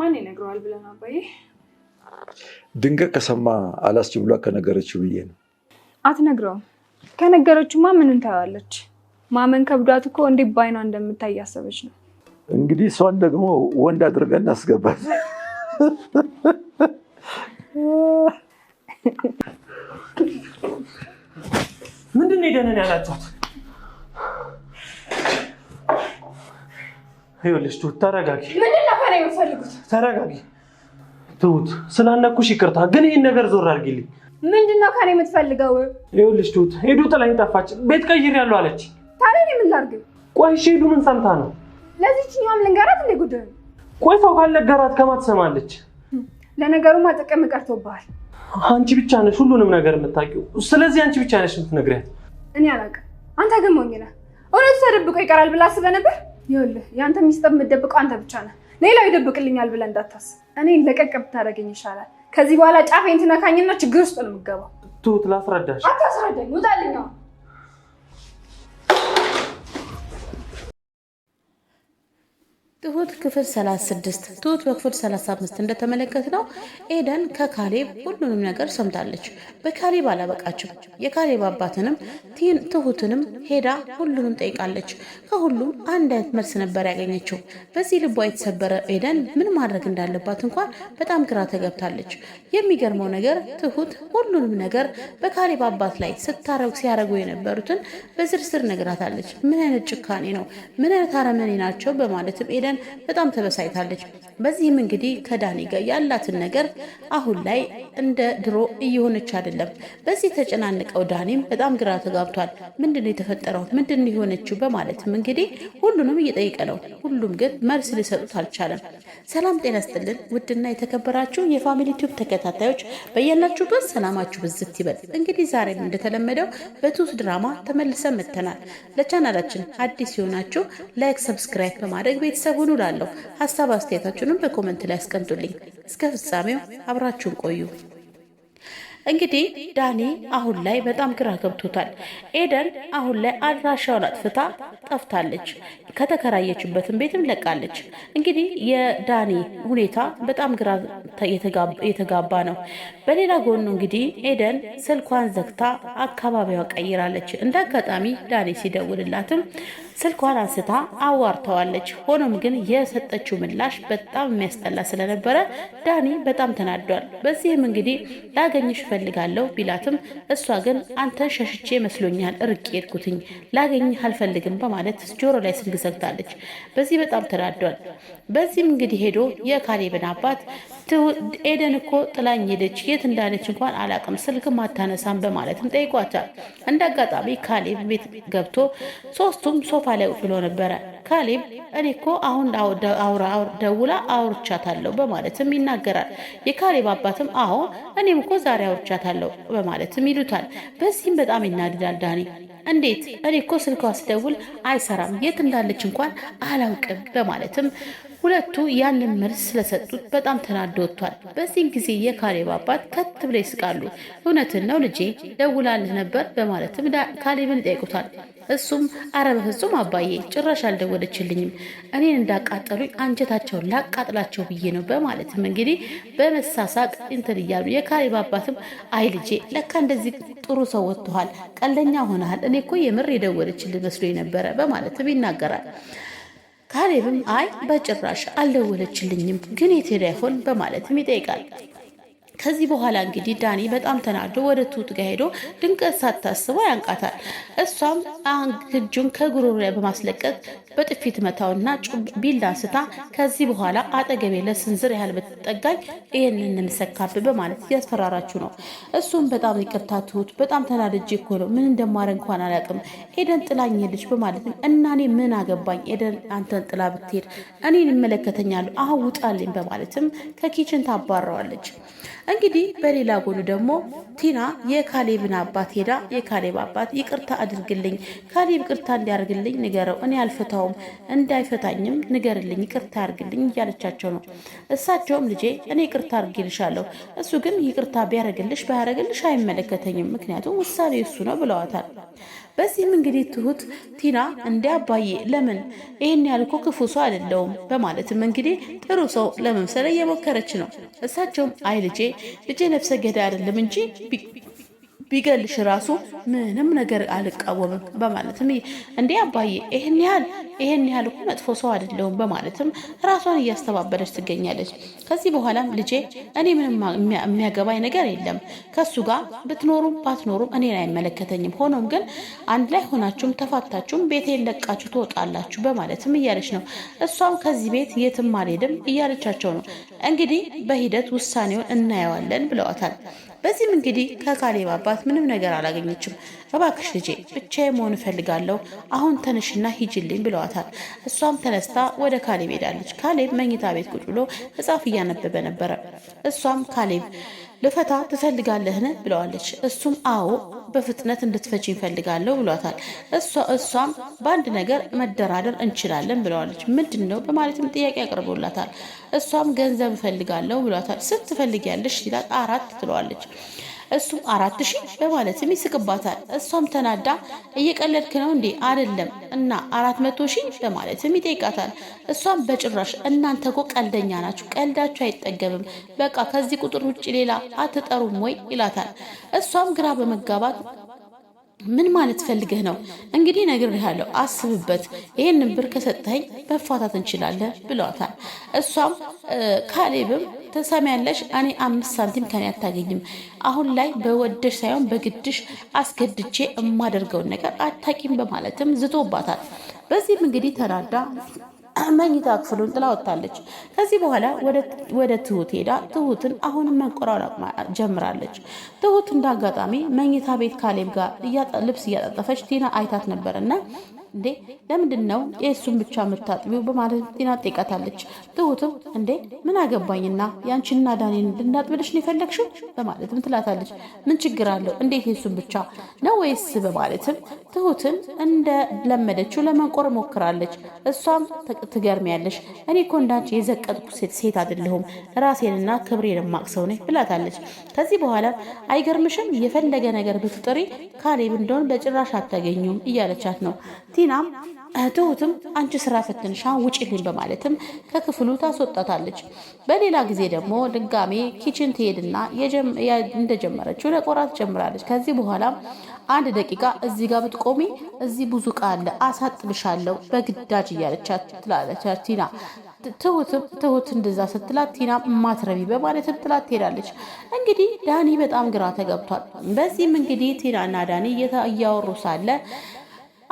ማን ይነግረዋል ብለን አባዬ ድንገት ከሰማ አላስች ብሏ ከነገረችው ብዬ ነው። አትነግረውም። ከነገረችማ ምን እንታያለች? ማመን ከብዷት እኮ እንዴት በዓይኗ እንደምታይ ያሰበች ነው። እንግዲህ እሷን ደግሞ ወንድ አድርገን እናስገባት። ምንድን ደንን ያላጫት ይኸውልሽ፣ ተረጋጊ የምፈልጉት? ተረጋጊ ትሁት፣ ስላነኩሽ ይቅርታ፣ ግን ይህን ነገር ዞር አድርጊልኝ። ምንድን ነው ከኔ የምትፈልገው? ይኸውልሽ ትሁት፣ ሄዱ ጥላኝ ጠፋች፣ ቤት ቀይሬያለሁ አለች። ታዲያ እኔ ምን ላድርግ? ቆይ እሺ፣ ሄዱ ምን ሰምታ ነው? ለዚችኛዋም ልንገራት እንዴ ጉዳዩ? ቆይ ሰው ካልነገራት ከማን ትሰማለች? ለነገሩማ ጥቅም ቀርቶብሃል። አንቺ ብቻ ነሽ ሁሉንም ነገር የምታውቂው፣ ስለዚህ አንቺ ብቻ ነሽ የምትነግሪያት። እኔ አላውቅም፣ አንተ ግን ሞኝ ነህ። እውነቱ ተደብቆ ይቀራል ብላ አስበህ ነበር? ይኸውልህ፣ የአንተ ሚስጥር የምትደብቀው አንተ ብቻ ነህ። ሌላው ይደብቅልኛል ብለህ እንዳታስብ። እኔን ለቀቅ ብታደርገኝ ይሻላል። ከዚህ በኋላ ጫፌን ትነካኝና ችግር ውስጥ ነው የምገባው። ትሁት ላስረዳሽ። አታስረዳኝ፣ ውጣልኛው ትሁት ክፍል 36 ትሁት በክፍል 35 እንደተመለከት ነው ኤደን ከካሌብ ሁሉንም ነገር ሰምታለች። በካሌብ አላበቃችም። የካሌብ አባትንም ትሁትንም ሄዳ ሁሉንም ጠይቃለች። ከሁሉም አንድ አይነት መልስ ነበር ያገኘችው። በዚህ ልቧ የተሰበረ ኤደን ምን ማድረግ እንዳለባት እንኳን በጣም ግራ ተገብታለች። የሚገርመው ነገር ትሁት ሁሉንም ነገር በካሌብ አባት ላይ ስታረግ ሲያደርጉ የነበሩትን በዝርዝር ነግራታለች። ምን አይነት ጭካኔ ነው! ምን አይነት አረመኔ ናቸው! በማለትም ኤደን ብለን በጣም ተበሳይታለች። በዚህም እንግዲህ ከዳኒ ጋር ያላትን ነገር አሁን ላይ እንደ ድሮ እየሆነች አይደለም። በዚህ ተጨናንቀው ዳኒም በጣም ግራ ተጋብቷል። ምንድን ነው የተፈጠረው? ምንድን ነው የሆነችው? በማለትም እንግዲህ ሁሉንም እየጠየቀ ነው። ሁሉም ግን መልስ ሊሰጡት አልቻለም። ሰላም ጤና ስጥልን ውድና የተከበራችሁ የፋሚሊ ቲዩብ ተከታታዮች በያላችሁበት ሰላማችሁ ብዝት ይበል። እንግዲህ ዛሬም እንደተለመደው በትሁት ድራማ ተመልሰን መጥተናል። ለቻናላችን አዲስ የሆናችሁ ላይክ፣ ሰብስክራይብ በማድረግ ቤተሰቡ ሆኑ ላለሁ ሀሳብ አስተያየታችሁንም በኮመንት ላይ አስቀምጡልኝ። እስከ ፍጻሜው አብራችሁን ቆዩ። እንግዲህ ዳኒ አሁን ላይ በጣም ግራ ገብቶታል። ኤደን አሁን ላይ አድራሻውን አጥፍታ ጠፍታለች። ከተከራየችበትን ቤትም ለቃለች። እንግዲህ የዳኒ ሁኔታ በጣም ግራ የተጋባ ነው። በሌላ ጎኑ እንግዲህ ኤደን ስልኳን ዘግታ አካባቢዋ ቀይራለች። እንደ አጋጣሚ ዳኒ ሲደውልላትም ስልኳን አንስታ አዋርተዋለች። ሆኖም ግን የሰጠችው ምላሽ በጣም የሚያስጠላ ስለነበረ ዳኒ በጣም ተናዷል። በዚህም እንግዲህ ላገኝሽ እፈልጋለሁ ቢላትም እሷ ግን አንተን ሸሽቼ መስሎኛል እርቄ ሄድኩትኝ ላገኝህ አልፈልግም በማለት ጆሮ ላይ ስልክ ዘግታለች። በዚህ በጣም ተናዷል። በዚህም እንግዲህ ሄዶ የካሌብን አባት ኤደን እኮ ጥላኝ ሄደች፣ የት እንዳለች እንኳን አላቅም፣ ስልክም አታነሳም በማለትም ጠይቋታል። እንደ አጋጣሚ ካሌብ ቤት ገብቶ ሶስቱም ሶፋ አትፋለቅ ብሎ ነበረ። ካሌብ እኔ እኮ አሁን ደውላ አውርቻታለሁ በማለትም ይናገራል። የካሌብ አባትም አዎ እኔም እኮ ዛሬ አውርቻታለሁ በማለትም ይሉታል። በዚህም በጣም ይናድዳል ዳኒ። እንዴት እኔ እኮ ስልኳ ስደውል አይሰራም፣ የት እንዳለች እንኳን አላውቅም በማለትም ሁለቱ ያንን መልስ ስለሰጡት በጣም ተናዶ ወጥቷል። በዚህን ጊዜ የካሌብ አባት ከት ብለው ይስቃሉ። እውነትን ነው ልጄ ደውላልህ ነበር በማለትም ካሌብን ይጠይቁታል። እሱም አረ በፍጹም አባዬ ጭራሽ አልደወለችልኝም፣ እኔን እንዳቃጠሉኝ አንጀታቸውን ላቃጥላቸው ብዬ ነው በማለትም እንግዲህ በመሳሳቅ እንትን እያሉ የካሌብ አባትም አይ ልጄ ለካ እንደዚህ ጥሩ ሰው ወጥተሃል፣ ቀለኛ ሆነሃል። እኔ እኮ የምር የደወለችልን መስሎኝ ነበረ በማለትም ይናገራል። ካሌብም አይ በጭራሽ አልደወለችልኝም፣ ግን የቴሌፎን በማለትም ይጠይቃል። ከዚህ በኋላ እንግዲህ ዳኒ በጣም ተናዶ ወደ ትሁት ጋር ሄዶ ድንቀት ሳታስበው ያንቃታል። እሷም እጁን ከጉሮሮ በማስለቀቅ በጥፊት መታውና ቢላ አንስታ ከዚህ በኋላ አጠገቤ ለስንዝር ያህል ብትጠጋኝ ይህንን እንሰካብ በማለት እያስፈራራችሁ ነው። እሱም በጣም ይቅርታ ትሁት፣ በጣም ተናድጄ እኮ ነው። ምን እንደማረ እንኳን አላውቅም። ኤደን ጥላኝ ሄደች በማለትም እና እኔ ምን አገባኝ ኤደን አንተን ጥላ ብትሄድ እኔን ይመለከተኛሉ፣ አውጣልኝ በማለትም ከኪችን ታባረዋለች። እንግዲህ በሌላ ጎኑ ደግሞ ቲና የካሌብን አባት ሄዳ የካሌብ አባት ይቅርታ አድርግልኝ፣ ካሌብ ይቅርታ እንዲያደርግልኝ ንገረው፣ እኔ አልፈታውም፣ እንዳይፈታኝም ንገርልኝ፣ ይቅርታ አድርግልኝ እያለቻቸው ነው። እሳቸውም ልጄ እኔ ይቅርታ አርግልሻለሁ፣ እሱ ግን ይቅርታ ቢያደርግልሽ ባያደርግልሽ አይመለከተኝም፣ ምክንያቱም ውሳኔ እሱ ነው ብለዋታል። በዚህም እንግዲህ ትሁት ቲና እንደ አባዬ ለምን ይህን ያልኮ ክፉ ሰው አይደለውም በማለትም እንግዲህ ጥሩ ሰው ለመምሰል እየሞከረች ነው። እሳቸውም አይ ልጄ ልጄ ነፍሰ ገዳይ አይደለም እንጂ ቢገልሽ ራሱ ምንም ነገር አልቃወምም በማለትም እንዴ አባዬ ይህን ያህል ይህን ያህል እኮ መጥፎ ሰው አይደለሁም በማለትም ራሷን እያስተባበለች ትገኛለች። ከዚህ በኋላም ልጄ እኔ ምንም የሚያገባኝ ነገር የለም ከሱ ጋር ብትኖሩም ባትኖሩም እኔን አይመለከተኝም። ሆኖም ግን አንድ ላይ ሆናችሁም ተፋታችሁም ቤቴን ለቃችሁ ትወጣላችሁ በማለትም እያለች ነው። እሷም ከዚህ ቤት የትም አልሄድም እያለቻቸው ነው። እንግዲህ በሂደት ውሳኔውን እናየዋለን ብለዋታል። በዚህም እንግዲህ ከካሌብ አባት ምንም ነገር አላገኘችም። እባክሽ ልጄ ብቻዬ መሆን እፈልጋለሁ፣ አሁን ተነሽና ሂጅልኝ ብለዋታል። እሷም ተነስታ ወደ ካሌብ ሄዳለች። ካሌብ መኝታ ቤት ቁጭ ብሎ መጽሐፍ እያነበበ ነበረ። እሷም ካሌብ ልፈታ ትፈልጋለህን ብለዋለች። እሱም አዎ በፍጥነት እንድትፈች ይፈልጋለሁ ብሏታል። እሷ እሷም በአንድ ነገር መደራደር እንችላለን ብለዋለች። ምንድን ነው በማለትም ጥያቄ ያቀርቦላታል። እሷም ገንዘብ እፈልጋለሁ ብሏታል። ስንት ትፈልጊያለሽ ሲላት አራት ትለዋለች። እሱም አራት ሺህ በማለትም ይስቅባታል። እሷም ተናዳ እየቀለድክ ነው እንዴ አይደለም እና አራት መቶ ሺህ በማለትም ይጠይቃታል። እሷም በጭራሽ እናንተ ኮ ቀልደኛ ናችሁ፣ ቀልዳችሁ አይጠገብም። በቃ ከዚህ ቁጥር ውጭ ሌላ አትጠሩም ወይ ይላታል። እሷም ግራ በመጋባት ምን ማለት ፈልገህ ነው? እንግዲህ ነግሬሃለሁ፣ አስብበት። ይህን ብር ከሰጠኸኝ መፋታት እንችላለን ብለዋታል። እሷም ካሌብም ተሰሚያለሽ። እኔ አምስት ሳንቲም ከኔ አታገኝም። አሁን ላይ በወደሽ ሳይሆን በግድሽ አስገድቼ የማደርገውን ነገር አታቂም በማለትም ዝቶባታል። በዚህም እንግዲህ ተናዳ መኝታ ክፍሉን ጥላ ወጥታለች። ከዚህ በኋላ ወደ ትሁት ሄዳ ትሁትን አሁንም መንቆራረጥ ጀምራለች። ትሁት እንዳጋጣሚ መኝታ ቤት ካሌብ ጋር ልብስ እያጣጠፈች ቲና አይታት ነበርና እንዴ ለምንድን ነው የእሱን ብቻ የምታጥቢው? በማለት ቲና ጠይቃታለች። ትሁትም እንዴ ምን አገባኝና ያንቺንና ዳኔን እንድናጥብልሽ ነው የፈለግሽው? በማለትም ትላታለች። ምን ችግር አለው? እንዴት የእሱን ብቻ ነው ወይስ? በማለትም ትሁትን እንደለመደችው ለመንቆር ሞክራለች። እሷም ትገርሚያለሽ፣ እኔ እኮ እንዳንቺ የዘቀጥኩ ሴት አይደለሁም፣ ራሴንና ክብሬን ሰው ነኝ ብላታለች። ከዚህ በኋላ አይገርምሽም? የፈለገ ነገር ብትጥሪ ካሌብ እንደሆን በጭራሽ አታገኙም እያለቻት ነው ቲናም ትሁትም አንቺ ስራ ፈትንሻ ውጪልኝ በማለትም ከክፍሉ ታስወጣታለች። በሌላ ጊዜ ደግሞ ድጋሜ ኪችን ትሄድና እንደጀመረችው ለቆራት ጀምራለች። ከዚህ በኋላ አንድ ደቂቃ እዚህ ጋር ብትቆሚ እዚህ ብዙ እቃ አለ አሳጥብሻለሁ በግዳጅ እያለቻት ትላለች ቲና። ትሁትም ትሁት እንደዛ ስትላት ቲና ማትረቢ በማለትም ትላት ትሄዳለች። እንግዲህ ዳኒ በጣም ግራ ተገብቷል። በዚህም እንግዲህ ቲናና ዳኒ እያወሩ ሳለ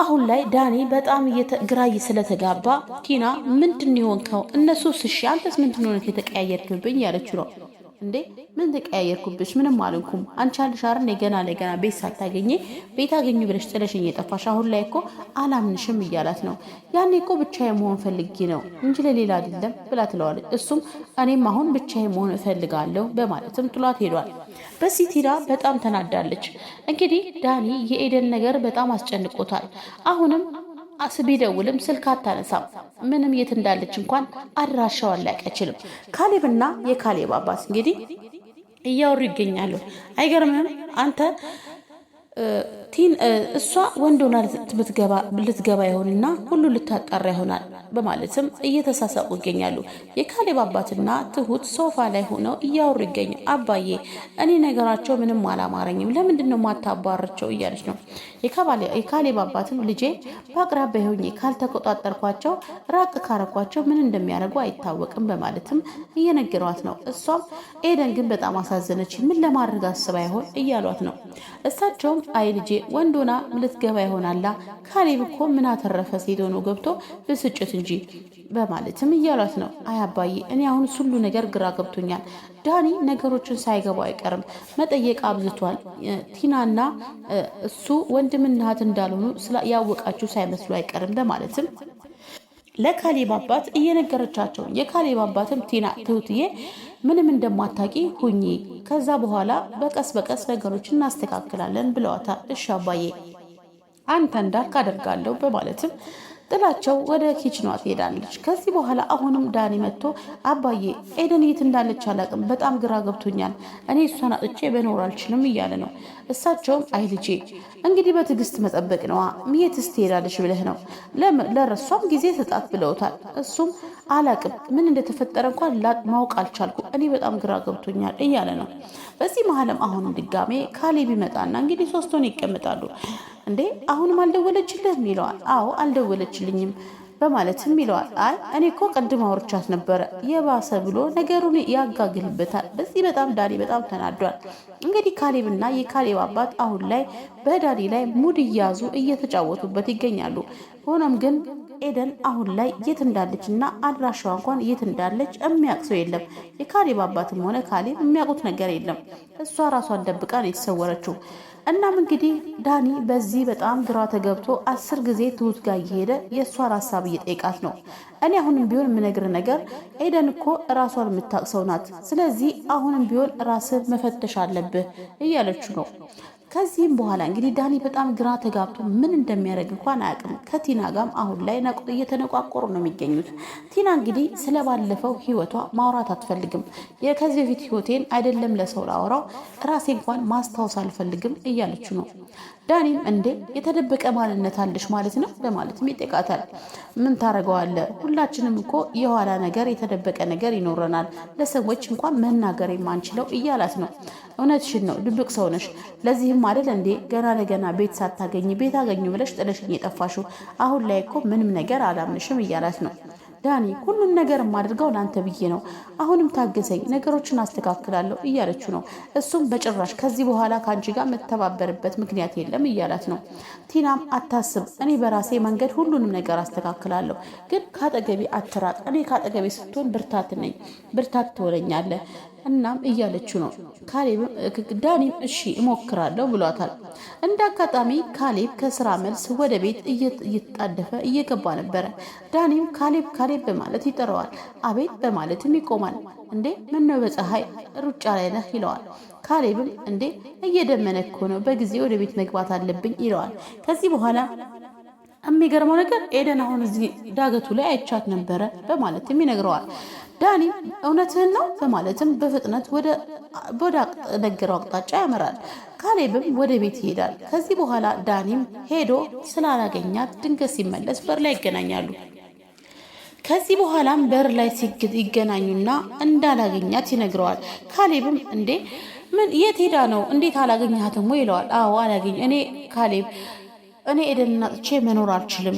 አሁን ላይ ዳኒ በጣም ግራ ስለተጋባ ቲና ምንድን የሆንከው? እነሱስ እሺ፣ አንተስ ምንድን ሆነህ የተቀያየርክብኝ? ያለችው ነው እንዴ ምን ተቀያየርኩብሽ? ምንም አልንኩም። አንቺ አልሽ አይደል ገና ለገና ቤት ሳታገኘ ቤት አገኙ ብለሽ ጥለሽኝ የጠፋሽ አሁን ላይ እኮ አላምንሽም እያላት ነው። ያኔ እኮ ብቻዬ መሆን ፈልጌ ነው እንጂ ለሌላ አይደለም ብላ ትለዋለች። እሱም እኔም አሁን ብቻዬ መሆን እፈልጋለሁ በማለትም ጥሏት ሄዷል። በዚህ ቲራ በጣም ተናዳለች። እንግዲህ ዳኒ የኤደን ነገር በጣም አስጨንቆታል። አሁንም ቢደውልም ስልክ አታነሳም። ምንም የት እንዳለች እንኳን አድራሻዋን ሊያውቅ አይችልም። ካሌብና የካሌብ አባት እንግዲህ እያወሩ ይገኛሉ። አይገርምም አንተ እሷ ወንድ ሆና ልትገባ ይሆንና ሁሉ ልታጣራ ይሆናል በማለትም እየተሳሳቁ ይገኛሉ። የካሌብ አባትና ትሁት ሶፋ ላይ ሆነው እያወሩ ይገኛል። አባዬ እኔ ነገራቸው ምንም አላማረኝም፣ ለምንድን ነው ማታባረቸው እያለች ነው። የካሌብ አባትም ልጄ በአቅራቢያ ሆኜ ካልተቆጣጠርኳቸው፣ ራቅ ካረኳቸው ምን እንደሚያደርጉ አይታወቅም በማለትም እየነገሯት ነው። እሷም ኤደን ግን በጣም አሳዘነች፣ ምን ለማድረግ አስባ ይሆን እያሏት ነው። እሳቸውም አይ ልጄ ወንዶና ልትገባ ይሆናላ። ካሌብ እኮ ምን አተረፈ ሴት ሆኖ ገብቶ ብስጭት እንጂ በማለትም እያሏት ነው። አይ አባዬ፣ እኔ አሁን ሁሉ ነገር ግራ ገብቶኛል። ዳኒ ነገሮችን ሳይገባው አይቀርም። መጠየቅ አብዝቷል። ቲናና እሱ ወንድምናት እንዳልሆኑ ያወቃችሁ ሳይመስሉ አይቀርም በማለትም ለካሌብ አባት እየነገረቻቸው የካሌብ አባትም ቲና ትሁትዬ ምንም እንደማታቂ ሁኚ፣ ከዛ በኋላ በቀስ በቀስ ነገሮች እናስተካክላለን ብለዋታል። እሺ አባዬ አንተ እንዳልክ አደርጋለሁ በማለትም ጥላቸው ወደ ኪችኗ ትሄዳለች። ከዚህ በኋላ አሁንም ዳኒ መጥቶ አባዬ ኤደን የት እንዳለች አላቅም፣ በጣም ግራ ገብቶኛል፣ እኔ እሷን አጥቼ በኖር አልችልም እያለ ነው። እሳቸውም አይ ልጄ እንግዲህ በትዕግስት መጠበቅ ነዋ፣ የትስ ትሄዳለች ብለህ ነው ለረሷም ጊዜ ስጣት ብለውታል። እሱም አላቅም ምን እንደተፈጠረ እንኳን ማወቅ አልቻልኩ። እኔ በጣም ግራ ገብቶኛል እያለ ነው። በዚህ መሀልም አሁንም ድጋሜ ካሌብ ይመጣና እንግዲህ ሶስቱን ይቀመጣሉ። እንዴ አሁንም አልደወለችልህም ይለዋል። አዎ አልደወለችልኝም በማለትም ይለዋል። አይ እኔ እኮ ቅድም አውርቻት ነበረ የባሰ ብሎ ነገሩን ያጋግልበታል። በዚህ በጣም ዳኒ በጣም ተናዷል። እንግዲህ ካሌብና የካሌብ አባት አሁን ላይ በዳኒ ላይ ሙድ እያዙ እየተጫወቱበት ይገኛሉ። ሆኖም ግን ኤደን አሁን ላይ የት እንዳለች እና አድራሻዋ እንኳን የት እንዳለች የሚያውቅ ሰው የለም። የካሌብ አባትም ሆነ ካሌብ የሚያውቁት ነገር የለም። እሷ ራሷን ደብቃ ነው የተሰወረችው። እናም እንግዲህ ዳኒ በዚህ በጣም ግራ ተገብቶ አስር ጊዜ ትሁት ጋር እየሄደ የእሷን ሀሳብ እየጠየቃት ነው። እኔ አሁንም ቢሆን የምነግር ነገር ኤደን እኮ ራሷን የምታቅሰው ናት። ስለዚህ አሁንም ቢሆን ራስህ መፈተሽ አለብህ እያለች ነው ከዚህም በኋላ እንግዲህ ዳኒ በጣም ግራ ተጋብቶ ምን እንደሚያደርግ እንኳን አያውቅም። ከቲና ጋም አሁን ላይ እየተነቋቆሩ ነው የሚገኙት። ቲና እንግዲህ ስለባለፈው ህይወቷ ማውራት አትፈልግም። ከዚህ በፊት ህይወቴን አይደለም ለሰው ላወራው ራሴ እንኳን ማስታወስ አልፈልግም እያለች ነው። ዳኒም እንዴ የተደበቀ ማንነት አለሽ ማለት ነው በማለትም ይጠቃታል። ምን ታደርገዋለ፣ ሁላችንም እኮ የኋላ ነገር የተደበቀ ነገር ይኖረናል፣ ለሰዎች እንኳን መናገር የማንችለው እያላት ነው። እውነትሽን ነው፣ ድብቅ ሰው ነሽ። ለዚህም አይደል እንዴ ገና ለገና ቤት ሳታገኝ ቤት አገኙ ብለሽ ጥለሽኝ የጠፋሽው። አሁን ላይ እኮ ምንም ነገር አላምንሽም እያላት ነው። ዳኒ ሁሉን ነገር የማደርገው ለአንተ ብዬ ነው። አሁንም ታገሰኝ፣ ነገሮችን አስተካክላለሁ እያለችው ነው። እሱም በጭራሽ ከዚህ በኋላ ከአንቺ ጋር መተባበርበት ምክንያት የለም እያላት ነው። ቲናም አታስብ፣ እኔ በራሴ መንገድ ሁሉንም ነገር አስተካክላለሁ፣ ግን ከአጠገቤ አትራቅ። እኔ ከአጠገቤ ስትሆን ብርታት ነኝ፣ ብርታት ትሆነኛለህ። እናም እያለችው ነው። ካሌብም ዳኒም እሺ እሞክራለሁ ብሏታል። እንደ አጋጣሚ ካሌብ ከስራ መልስ ወደ ቤት እየጣደፈ እየገባ ነበረ። ዳኒም ካሌብ ካሌብ በማለት ይጠራዋል። አቤት በማለትም ይቆማል። እንዴ ምነው በፀሐይ ሩጫ ላይ ነህ ይለዋል። ካሌብም እንዴ እየደመነ እኮ ነው፣ በጊዜ ወደ ቤት መግባት አለብኝ ይለዋል። ከዚህ በኋላ የሚገርመው ነገር ኤደን አሁን እዚህ ዳገቱ ላይ አይቻት ነበረ በማለትም ይነግረዋል። ዳኒም እውነትህን ነው በማለትም በፍጥነት ወደ ነገረው አቅጣጫ ያመራል። ካሌብም ወደ ቤት ይሄዳል። ከዚህ በኋላ ዳኒም ሄዶ ስላላገኛት ድንገት ሲመለስ በር ላይ ይገናኛሉ። ከዚህ በኋላም በር ላይ ይገናኙና እንዳላገኛት ይነግረዋል። ካሌብም እንዴ ምን የት ሄዳ ነው እንዴት አላገኘሃትም? ይለዋል። አዎ አላገኝ እኔ ካሌብ እኔ ኤደን ናጥቼ መኖር አልችልም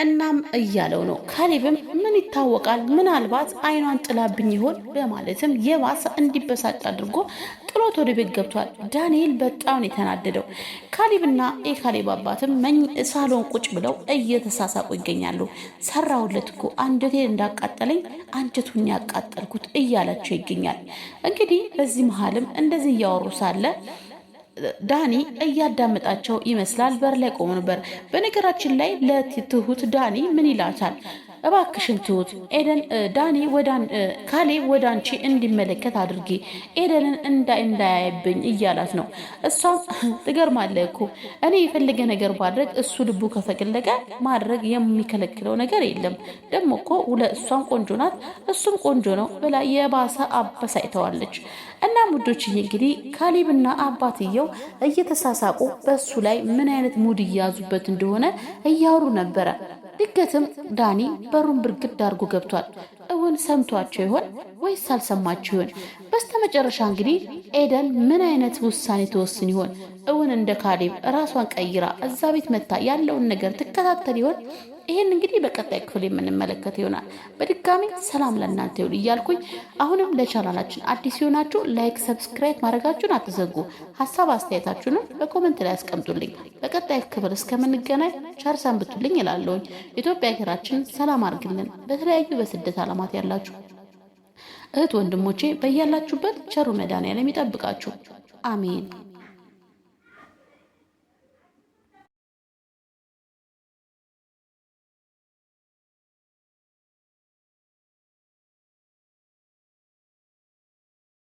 እናም እያለው ነው። ካሌብም ምን ይታወቃል፣ ምናልባት አይኗን ጥላብኝ ይሆን በማለትም የባሰ እንዲበሳጭ አድርጎ ጥሎት ወደ ቤት ገብቷል። ዳንኤል በጣም ነው የተናደደው። ካሌብና የካሌብ አባትም መኝ ሳሎን ቁጭ ብለው እየተሳሳቁ ይገኛሉ። ሰራሁለት እኮ አንጀቴን እንዳቃጠለኝ አንጀቱን ያቃጠልኩት እያላቸው ይገኛል። እንግዲህ በዚህ መሀልም እንደዚህ እያወሩ ሳለ ዳኒ እያዳመጣቸው ይመስላል። በር ላይ ቆሞ ነበር። በነገራችን ላይ ለትሁት ዳኒ ምን ይላታል? እባክሽን ትሁት ኤደን ዳኒ ካሌብ ወደ አንቺ እንዲመለከት አድርጊ ኤደንን እንዳይ እንዳያይብኝ እያላት ነው። እሷም ትገርማለህ እኮ እኔ የፈለገ ነገር ማድረግ እሱ ልቡ ከፈለገ ማድረግ የሚከለክለው ነገር የለም። ደግሞ እኮ እሷም ቆንጆ ናት እሱም ቆንጆ ነው ብላ የባሰ አበሳጭተዋለች። እና ሙዶች እንግዲህ ካሌብና አባትየው እየተሳሳቁ በእሱ ላይ ምን አይነት ሙድ እያያዙበት እንደሆነ እያወሩ ነበረ። ድንገትም ዳኒ በሩን ብርግድ አድርጎ ገብቷል። እውን ሰምቷቸው ይሆን ወይስ አልሰማቸው ይሆን? በስተመጨረሻ እንግዲህ ኤደን ምን አይነት ውሳኔ ተወስን ይሆን? እውን እንደ ካሌብ ራሷን ቀይራ እዛ ቤት መታ ያለውን ነገር ትከታተል ይሆን? ይህን እንግዲህ በቀጣይ ክፍል የምንመለከት ይሆናል። በድጋሚ ሰላም ለእናንተ ይሁን እያልኩኝ አሁንም ለቻናላችን አዲስ ሲሆናችሁ ላይክ፣ ሰብስክራይብ ማድረጋችሁን አትዘጉ። ሀሳብ አስተያየታችሁንም በኮመንት ላይ አስቀምጡልኝ። በቀጣይ ክፍል እስከምንገናኝ ቸር ሰንብቱልኝ እላለሁኝ። ኢትዮጵያ ሀገራችን ሰላም አድርግልን። በተለያዩ በስደት አላማት ያላችሁ እህት ወንድሞቼ በያላችሁበት ቸሩ መድኃኔዓለም ይጠብቃችሁ። አሜን።